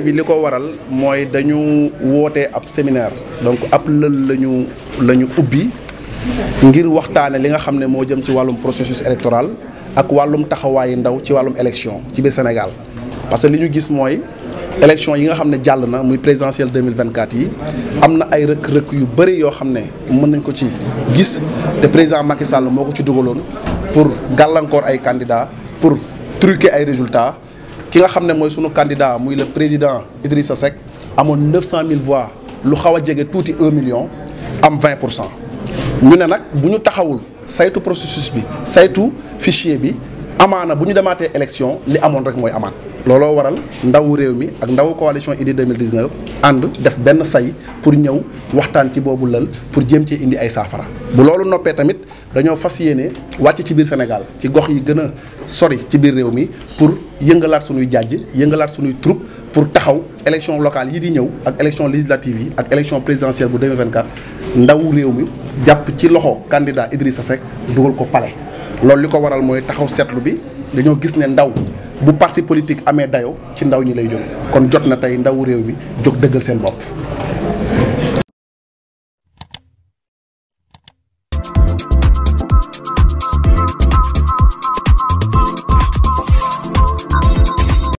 bi li ko waral mooy dañu woote ab séminaire donc ab lël lañu la ñu ubbi ngir waxtaane li nga xam ne moo jëm ci wàllum processus électoral ak wàllum taxawaayu ndaw ci wàllum élection ci biir Sénégal parce que li ñu gis mooy élection yi nga xam ne jàll na muy présidentielle 2024 yi am na ay rëkk-rëkk yu bëri yoo xam ne mën nañ ko ci gis te président Macky Sall moo ko ci dugaloon pour gàllankoor ay candidats pour truquer ay résultat ki nga xam moy mooy sunu candidat muy le président Idrissa Seck 900 900000 voix lu xawa a touti 1 million am 20 pour cent ñu ne nag bu taxawul saytu processus bi saytu fichier bi amana buñu dématé élection li amone rek moy amaat. lolo waral ndaw rewmi ak ndaw coalition Idy 2019 and def ben say pour ñew waxtaan ci bobu leul pour jëm ci indi ay safara bu lolu noppé tamit dañoo fasiyéné wacc ci biir Sénégal ci gox yi gëna sori ci biir rewmi pour yëngalaat suñuy jajj yëngalaat suñuy troupe pour taxaw élection locale yi di ñëw ak élection législative yi ak élection présidentielle bu 2024 ndawu réew mi jàpp ci loxo candidat Idrissa Seck dugal ko palais loolu li ko waral mooy taxaw seetlu bi dañoo gis ne ndaw bu parti politique amee dayo ci ndaw ñi lay jóge kon jot na tey ndawu réew mi jóg dëggal seen bopp